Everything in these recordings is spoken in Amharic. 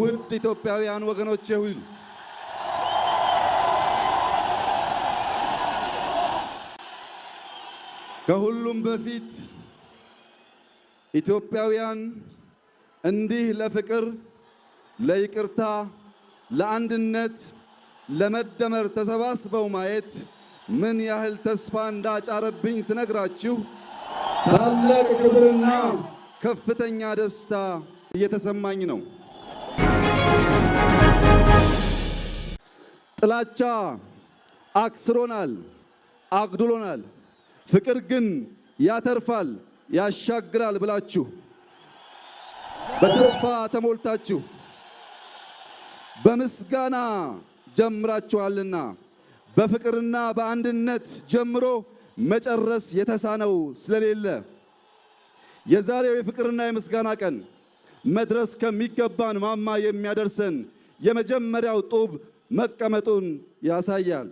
ውድ ኢትዮጵያውያን ወገኖች ሆይ ከሁሉም በፊት ኢትዮጵያውያን እንዲህ ለፍቅር፣ ለይቅርታ፣ ለአንድነት፣ ለመደመር ተሰባስበው ማየት ምን ያህል ተስፋ እንዳጫረብኝ ስነግራችሁ ታላቅ ክብርና ከፍተኛ ደስታ እየተሰማኝ ነው። ጥላቻ አክስሮናል፣ አግድሎናል። ፍቅር ግን ያተርፋል፣ ያሻግራል ብላችሁ በተስፋ ተሞልታችሁ በምስጋና ጀምራችኋልና በፍቅርና በአንድነት ጀምሮ መጨረስ የተሳነው ስለሌለ የዛሬው የፍቅርና የምስጋና ቀን መድረስ ከሚገባን ማማ የሚያደርሰን የመጀመሪያው ጡብ መቀመጡን ያሳያል።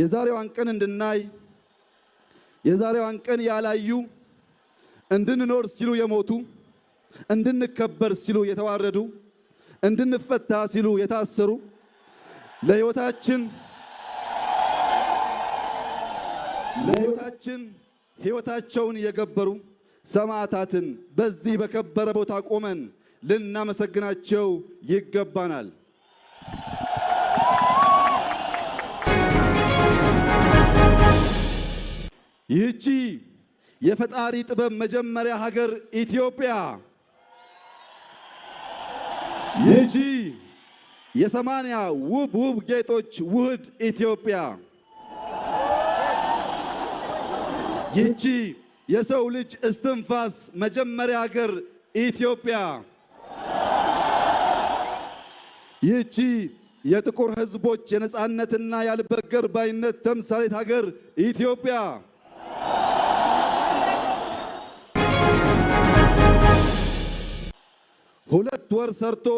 የዛሬዋን ቀን እንድናይ የዛሬዋን ቀን ያላዩ እንድንኖር ሲሉ የሞቱ እንድንከበር ሲሉ የተዋረዱ እንድንፈታ ሲሉ የታሰሩ ለህይወታችን ለህይወታችን ህይወታቸውን የገበሩ ሰማዕታትን በዚህ በከበረ ቦታ ቆመን ልናመሰግናቸው ይገባናል። ይህቺ የፈጣሪ ጥበብ መጀመሪያ ሀገር ኢትዮጵያ፣ ይህቺ የሰማንያ ውብ ውብ ጌጦች ውህድ ኢትዮጵያ፣ ይህቺ የሰው ልጅ እስትንፋስ መጀመሪያ ሀገር ኢትዮጵያ። ይህቺ የጥቁር ሕዝቦች የነጻነትና ያልበገር ባይነት ተምሳሌት ሀገር ኢትዮጵያ ሁለት ወር ሰርቶ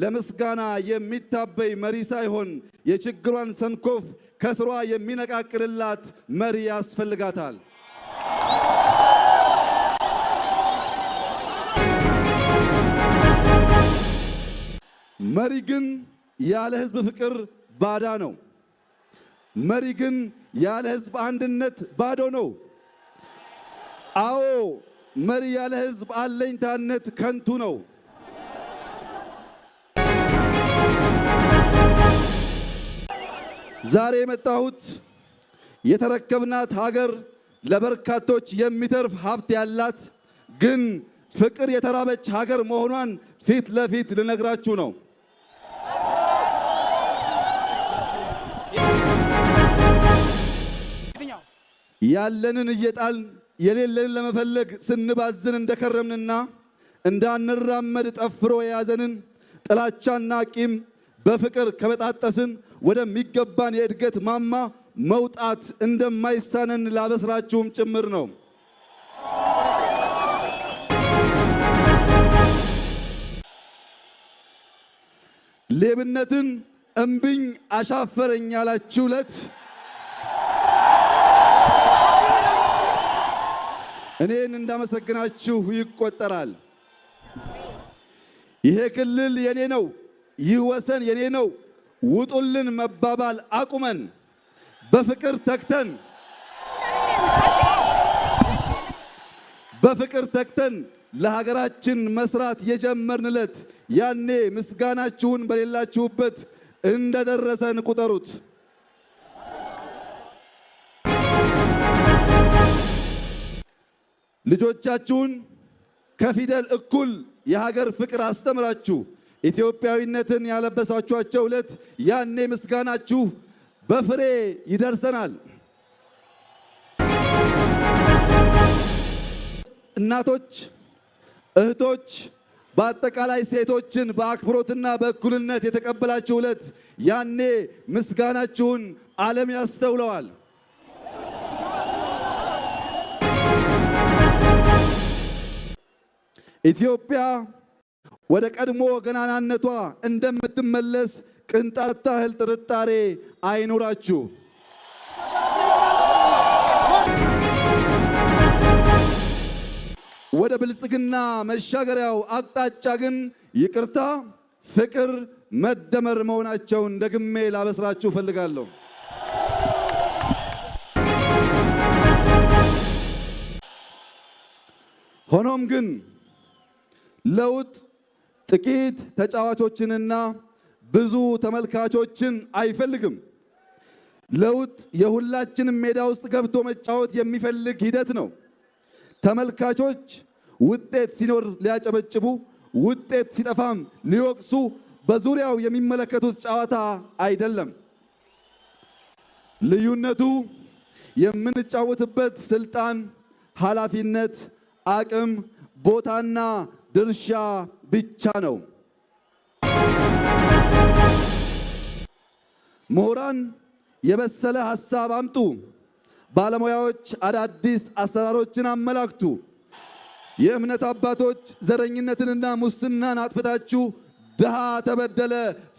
ለምስጋና የሚታበይ መሪ ሳይሆን የችግሯን ሰንኮፍ ከስሯ የሚነቃቅልላት መሪ ያስፈልጋታል። መሪ ግን ያለ ህዝብ ፍቅር ባዳ ነው። መሪ ግን ያለ ህዝብ አንድነት ባዶ ነው። አዎ መሪ ያለ ህዝብ አለኝታነት ከንቱ ነው። ዛሬ የመጣሁት የተረከብናት ሀገር ለበርካቶች የሚተርፍ ሀብት ያላት ግን ፍቅር የተራበች ሀገር መሆኗን ፊት ለፊት ልነግራችሁ ነው። ያለንን እየጣል የሌለንን ለመፈለግ ስንባዝን እንደከረምንና እንዳንራመድ ጠፍሮ የያዘንን ጥላቻና ቂም በፍቅር ከበጣጠስን ወደሚገባን የእድገት ማማ መውጣት እንደማይሳነን ላበስራችሁም ጭምር ነው። ሌብነትን እምብኝ አሻፈረኝ ያላችሁ ዕለት እኔን እንዳመሰግናችሁ ይቆጠራል። ይሄ ክልል የኔ ነው፣ ይህ ወሰን የኔ ነው፣ ውጡልን መባባል አቁመን በፍቅር ተክተን በፍቅር ተክተን ለሀገራችን መስራት የጀመርንለት ያኔ ምስጋናችሁን በሌላችሁበት እንደደረሰን ቁጠሩት። ልጆቻችሁን ከፊደል እኩል የሀገር ፍቅር አስተምራችሁ ኢትዮጵያዊነትን ያለበሳችኋቸው ዕለት ያኔ ምስጋናችሁ በፍሬ ይደርሰናል። እናቶች፣ እህቶች፣ በአጠቃላይ ሴቶችን በአክብሮትና በእኩልነት የተቀበላችሁ ዕለት ያኔ ምስጋናችሁን ዓለም ያስተውለዋል። ኢትዮጵያ ወደ ቀድሞ ገናናነቷ እንደምትመለስ ቅንጣት ታህል ጥርጣሬ አይኖራችሁ። ወደ ብልጽግና መሻገሪያው አቅጣጫ ግን ይቅርታ፣ ፍቅር፣ መደመር መሆናቸውን ደግሜ ላበስራችሁ እፈልጋለሁ። ሆኖም ግን ለውጥ ጥቂት ተጫዋቾችንና ብዙ ተመልካቾችን አይፈልግም። ለውጥ የሁላችንም ሜዳ ውስጥ ገብቶ መጫወት የሚፈልግ ሂደት ነው። ተመልካቾች ውጤት ሲኖር ሊያጨበጭቡ፣ ውጤት ሲጠፋም ሊወቅሱ በዙሪያው የሚመለከቱት ጨዋታ አይደለም። ልዩነቱ የምንጫወትበት ስልጣን፣ ኃላፊነት፣ አቅም፣ ቦታና ድርሻ ብቻ ነው። ምሁራን የበሰለ ሀሳብ አምጡ፣ ባለሙያዎች አዳዲስ አሰራሮችን አመላክቱ። የእምነት አባቶች ዘረኝነትንና ሙስናን አጥፍታችሁ ድሃ ተበደለ፣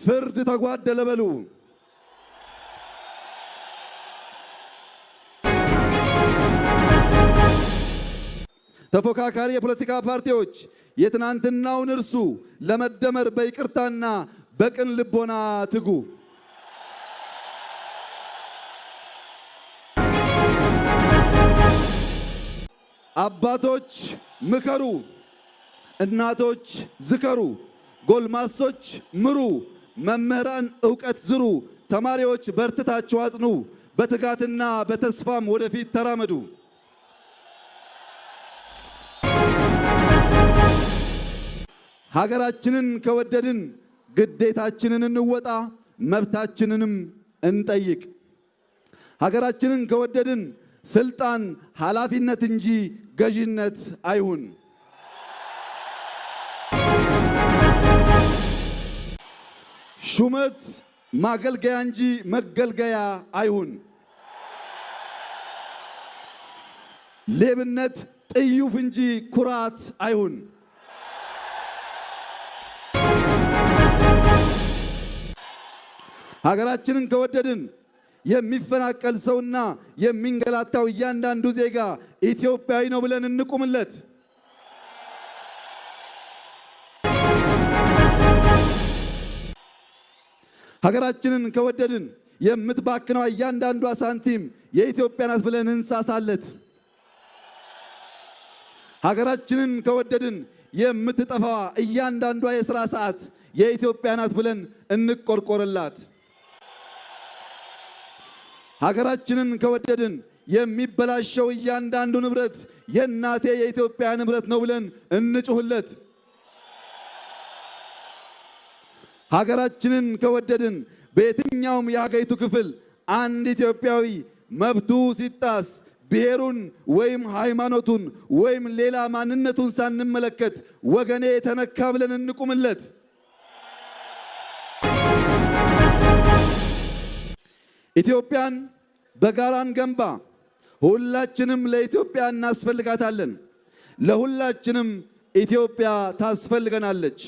ፍርድ ተጓደለ በሉ። ተፎካካሪ የፖለቲካ ፓርቲዎች የትናንትናውን እርሱ ለመደመር በይቅርታና በቅን ልቦና ትጉ። አባቶች ምከሩ፣ እናቶች ዝከሩ፣ ጎልማሶች ምሩ፣ መምህራን ዕውቀት ዝሩ፣ ተማሪዎች በርትታችሁ አጥኑ፣ በትጋትና በተስፋም ወደፊት ተራመዱ። ሀገራችንን ከወደድን ግዴታችንን እንወጣ፣ መብታችንንም እንጠይቅ። ሀገራችንን ከወደድን ስልጣን ኃላፊነት እንጂ ገዢነት አይሁን። ሹመት ማገልገያ እንጂ መገልገያ አይሁን። ሌብነት ጥዩፍ እንጂ ኩራት አይሁን። ሀገራችንን ከወደድን የሚፈናቀል ሰውና የሚንገላታው እያንዳንዱ ዜጋ ኢትዮጵያዊ ነው ብለን እንቁምለት። ሀገራችንን ከወደድን የምትባክነው እያንዳንዷ ሳንቲም የኢትዮጵያ ናት ብለን እንሳሳለት። ሀገራችንን ከወደድን የምትጠፋ እያንዳንዷ የሥራ ሰዓት የኢትዮጵያ ናት ብለን እንቆርቆርላት። ሀገራችንን ከወደድን የሚበላሸው እያንዳንዱ ንብረት የእናቴ የኢትዮጵያ ንብረት ነው ብለን እንጩሁለት ሀገራችንን ከወደድን በየትኛውም የሀገሪቱ ክፍል አንድ ኢትዮጵያዊ መብቱ ሲጣስ ብሔሩን ወይም ሃይማኖቱን ወይም ሌላ ማንነቱን ሳንመለከት ወገኔ ተነካ ብለን እንቁምለት። ኢትዮጵያን በጋራን ገንባ ሁላችንም ለኢትዮጵያ እናስፈልጋታለን። ለሁላችንም ኢትዮጵያ ታስፈልገናለች።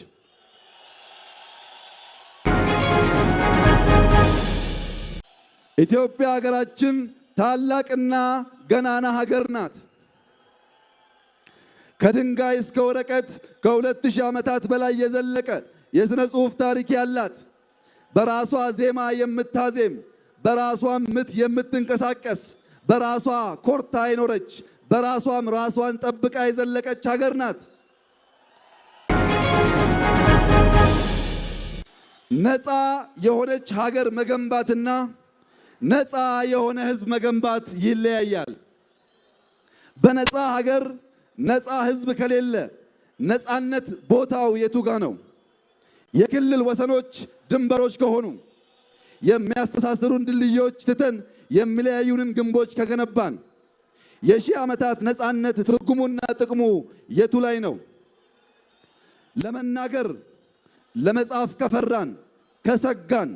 ኢትዮጵያ ሀገራችን ታላቅና ገናና ሀገር ናት። ከድንጋይ እስከ ወረቀት ከሁለት ሺህ ዓመታት በላይ የዘለቀ የሥነ ጽሑፍ ታሪክ ያላት በራሷ ዜማ የምታዜም በራሷም ምት የምትንቀሳቀስ በራሷ ኮርታ አይኖረች በራሷም ራሷን ጠብቃ የዘለቀች ሀገር ናት። ነፃ የሆነች ሀገር መገንባትና ነፃ የሆነ ህዝብ መገንባት ይለያያል። በነፃ ሀገር ነፃ ህዝብ ከሌለ ነፃነት ቦታው የቱጋ ነው? የክልል ወሰኖች ድንበሮች ከሆኑ የሚያስተሳስሩን ድልድዮች ትተን የሚለያዩንን ግንቦች ከገነባን የሺህ ዓመታት ነፃነት ትርጉሙና ጥቅሙ የቱ ላይ ነው? ለመናገር ለመጻፍ ከፈራን ከሰጋን፣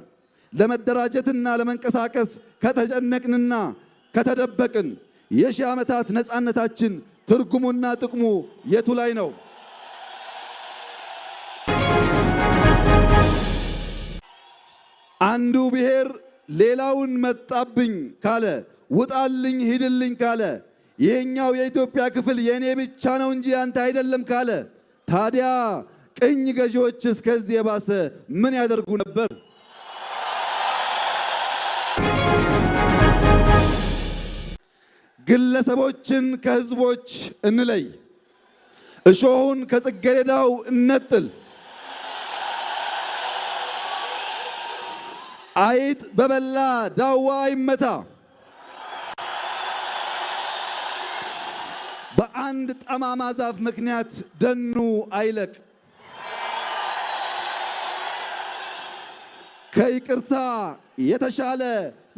ለመደራጀትና ለመንቀሳቀስ ከተጨነቅንና ከተደበቅን የሺህ ዓመታት ነፃነታችን ትርጉሙና ጥቅሙ የቱ ላይ ነው? አንዱ ብሔር ሌላውን መጣብኝ ካለ፣ ውጣልኝ ሂድልኝ ካለ፣ ይህኛው የኢትዮጵያ ክፍል የእኔ ብቻ ነው እንጂ አንተ አይደለም ካለ፣ ታዲያ ቅኝ ገዢዎች እስከዚህ የባሰ ምን ያደርጉ ነበር? ግለሰቦችን ከህዝቦች እንለይ፣ እሾሁን ከጽጌረዳው እነጥል? አይጥ በበላ ዳዋ ይመታ። በአንድ ጠማማ ዛፍ ምክንያት ደኑ አይለቅ። ከይቅርታ የተሻለ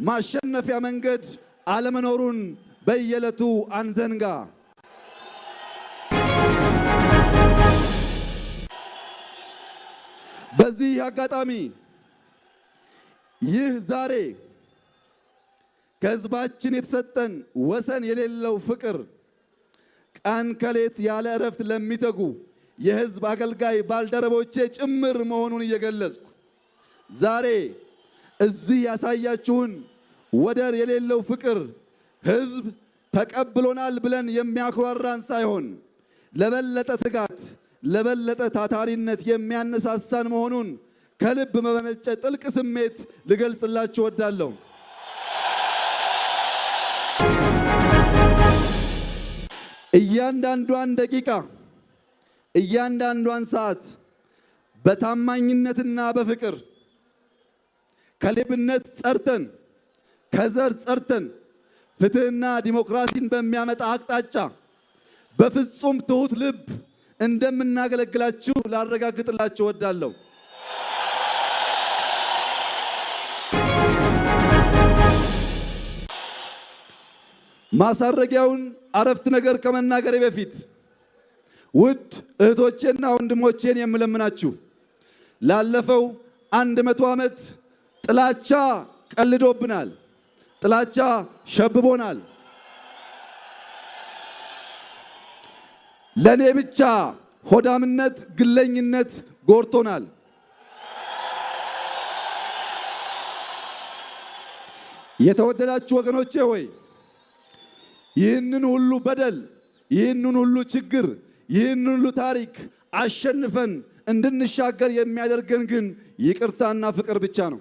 ማሸነፊያ መንገድ አለመኖሩን በየዕለቱ አንዘንጋ። በዚህ አጋጣሚ ይህ ዛሬ ከህዝባችን የተሰጠን ወሰን የሌለው ፍቅር ቀን ከሌት ያለ እረፍት ለሚተጉ የህዝብ አገልጋይ ባልደረቦቼ ጭምር መሆኑን እየገለጽኩ ዛሬ እዚህ ያሳያችሁን ወደር የሌለው ፍቅር ህዝብ ተቀብሎናል ብለን የሚያኩራራን ሳይሆን ለበለጠ ትጋት፣ ለበለጠ ታታሪነት የሚያነሳሳን መሆኑን ከልብ መመነጨ ጥልቅ ስሜት ልገልጽላችሁ እወዳለሁ። እያንዳንዷን ደቂቃ፣ እያንዳንዷን ሰዓት በታማኝነትና በፍቅር ከሌብነት ጸርተን ከዘር ጸርተን ፍትህና ዲሞክራሲን በሚያመጣ አቅጣጫ በፍጹም ትሁት ልብ እንደምናገለግላችሁ ላረጋግጥላችሁ እወዳለሁ። ማሳረጊያውን አረፍት ነገር ከመናገሬ በፊት ውድ እህቶቼና ወንድሞቼን የምለምናችሁ ላለፈው አንድ መቶ ዓመት ጥላቻ ቀልዶብናል። ጥላቻ ሸብቦናል። ለእኔ ብቻ ሆዳምነት፣ ግለኝነት ጎርቶናል። የተወደዳችሁ ወገኖቼ ሆይ ይህንን ሁሉ በደል፣ ይህንን ሁሉ ችግር፣ ይህንን ሁሉ ታሪክ አሸንፈን እንድንሻገር የሚያደርገን ግን ይቅርታና ፍቅር ብቻ ነው።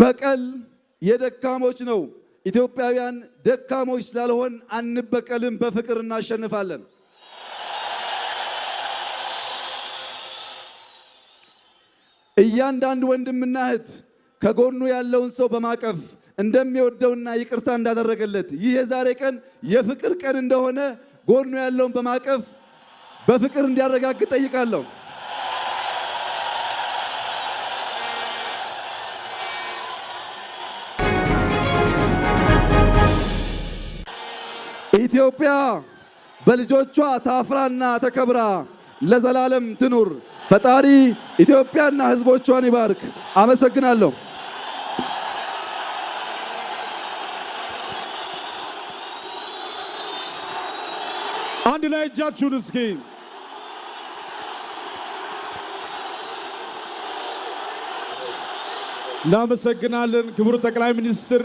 በቀል የደካሞች ነው። ኢትዮጵያውያን ደካሞች ስላልሆን አንበቀልም፣ በፍቅር እናሸንፋለን። እያንዳንድ ወንድምና እህት ከጎኑ ያለውን ሰው በማቀፍ እንደሚወደውና ይቅርታ እንዳደረገለት ይህ የዛሬ ቀን የፍቅር ቀን እንደሆነ ጎኑ ያለውን በማቀፍ በፍቅር እንዲያረጋግጥ ጠይቃለሁ። ኢትዮጵያ በልጆቿ ታፍራና ተከብራ ለዘላለም ትኑር። ፈጣሪ ኢትዮጵያና ህዝቦቿን ይባርክ። አመሰግናለሁ። አንድ ላይ እጃችሁን እስኪ እናመሰግናለን። ክቡር ጠቅላይ ሚኒስትር